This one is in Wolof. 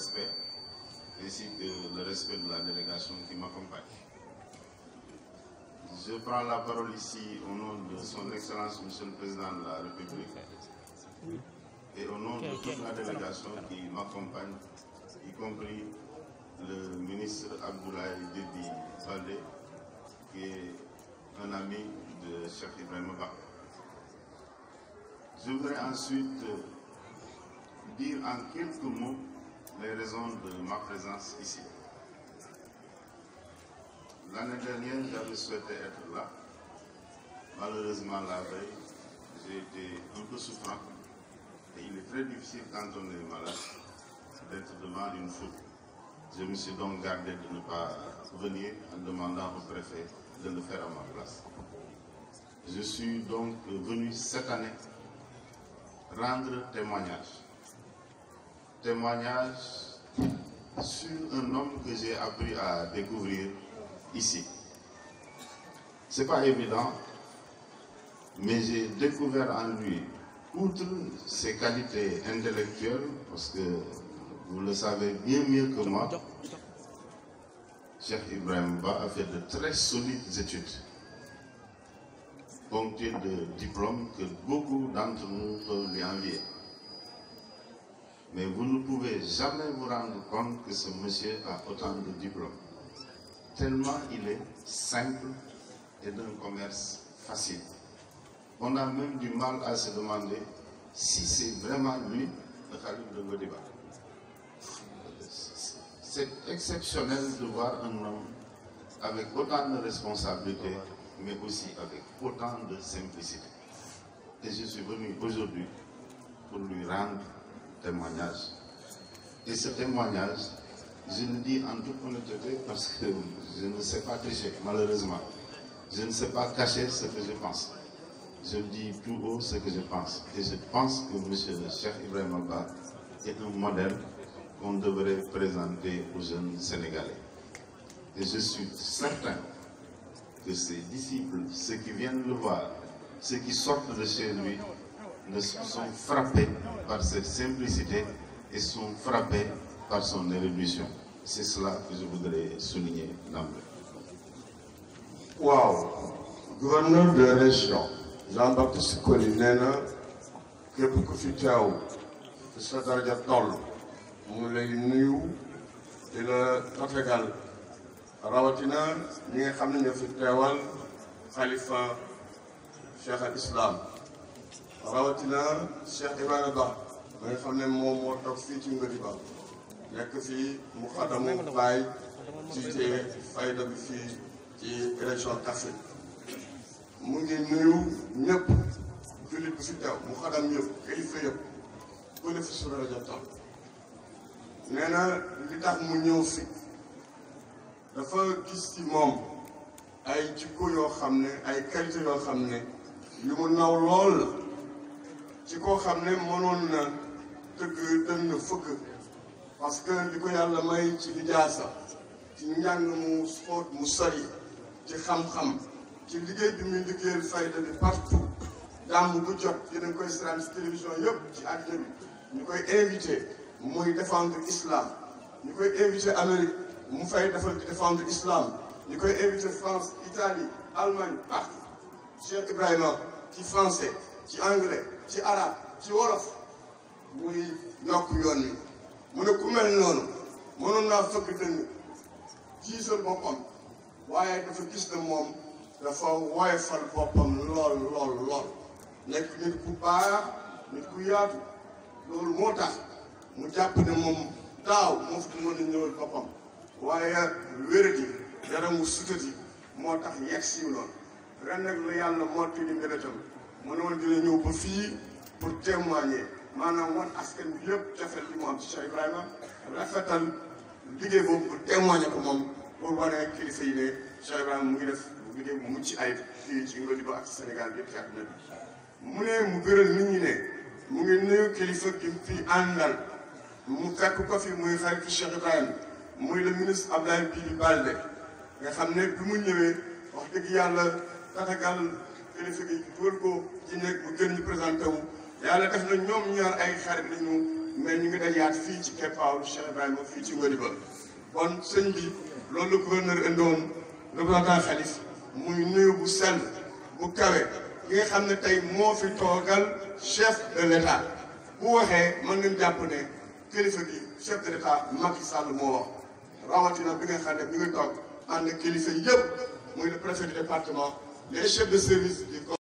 respect, ainsi de la délégation qui m'accompagne. Je prends la parole ici au nom de Son Excellence Monsieur le Président de la République et au nom de toute la délégation qui m'accompagne, y compris le ministre Abdoulaye Déby Baldé, qui est un ami de Cheikh Ibrahima Ba. Je voudrais ensuite dire en quelques mots les raisons de ma présence ici. L'année dernière, j'avais souhaité être là. Malheureusement, la veille, j'ai été un peu souffrant il est très difficile quand on est malade d'être devant une foule. Je me suis donc gardé de ne pas venir en demandant au préfet de le faire à ma place. Je suis donc venu cette année rendre témoignage témoignage sur un homme que j'ai appris à découvrir ici. C'est pas évident, mais j'ai découvert en lui, outre ses qualités intellectuelles, parce que vous le savez bien mieux que moi, Cheikh Ibrahim Ba a fait de très solides études, ponctuées de diplômes que beaucoup d'entre nous peuvent lui envier. Mais vous ne pouvez jamais vous rendre compte que ce monsieur a autant de diplômes. Tellement il est simple et d'un commerce facile. On a même du mal à se demander si c'est vraiment lui le calife de Godiba. C'est exceptionnel de voir un homme avec autant de responsabilité, mais aussi avec autant de simplicité. Et je suis venu aujourd'hui pour lui rendre témoignage. Et ce témoignage, je le dis en toute honnêteté parce que je ne sais pas tricher, malheureusement. Je ne sais pas cacher ce que je pense. Je dis plus haut ce que je pense. Et je pense que M. le chef Ibrahim Abba est un modèle qu'on devrait présenter aux jeunes Sénégalais. Et je suis certain que ses disciples, ceux qui viennent le voir, ceux qui sortent de chez lui, ne sont frappés par cette simplicité et sont frappés par son érudition c'est cela que je voudrais souligner d'emblée. waaw gouverneur de région Jean-Baptiste Coly na képp ku fi teew te sa daraja toll mu lay nuyu di la tatagal rawatina ñi nga xam ne ñoo fi teewal xalifa al islam rawatina Cheikh Ibrahima Ba ba nga xam ne moom moo toog fii ci Ngodi Ba nekk fii mu xadamu Baye jiite fayda bi fii ci région Kaffrine mu ngi nuyu ñëpp jullit fi teew mu xadam ñëpp yëpp ku nee na li tax mu ñëw fi dafa gis ci moom ay jikko yoo xam ne ay qualité yoo xam ne yu mu naw lool ci koo xam ne mënoon tëgg dënn fëgg parce que li ko yàlla may ci lijaasa ci njàng mu xóot mu sori ci xam-xam ci liggéey bi muy liggéeyal fayda bi partout jàmm bu jot dina koy seetaan ci télévision yëpp ci àddina bi koy invité muy défendre islam ñu koy invité Amérique mu fay defal di défendre islam ñu koy invité France Italie Allemagne partout Cheikh Ibrahima ci français ci anglais ci arab ci wolof muy yokk yoon wi mu ne ku mel noonu mënoon naa fëkk dënn jiisal boppam waaye dafa gis ne moom dafa woyofal boppam lool lool lool nekk nit ku baax nit ku yaatu loolu moo tax mu jàpp ne moom daaw moo fi mën a boppam waaye wéradi yaramu sutati moo tax yegg siiw lool ren nag lu yàlla mottali mbébétam mu ne woon dina ñëw ba fii pour témoigner maanaam wan aska bi lépp cofeel li mu am ci Cheikh Ibrahima rafetal liggéey boobu pour témoigner moom pour wane ak kilifa yi ne Cheikh mu ngi def liggéey bu mucc ayib fii ci Sénégal yëpp ci mu ne mu gëral nit ñi ne mu ngi nuyu kilifa gi mu fi mu fekk ko fi muy xaritu Cheikh Ibrahima muy le ministre Abdoulaye Bibi Baldé nga xam ne bi mu ñëwee wax dëgg yàlla tatagal kilifa gi dugal ko ci nekk bu gën ñu présenté wu yàlla def na ñoom ñaar ay xarit lañu mais ñu ngi dajaat fii ci keppaaru Cheikh Ibrahima fii ci Ngodiba kon sëñ bi loolu la gouverneur indiwoon représentant xaalis muy nuyu bu sell bu kawe ki nga xam ne tey moo fi toogal chef de l'état bu waxee mën ngeen jàpp ne kilifa gi chef de l'état Macky Sall moo wax rawatina bi nga xam ne bi nga toog ànd kilifa yëpp muy le préfet du département les chefs de service du